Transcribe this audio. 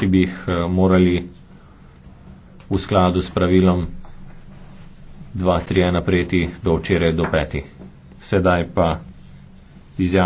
ki bi jih eh, morali v skladu s pravilom 2-3 napreti do včeraj do 5. Sedaj pa izjavljamo.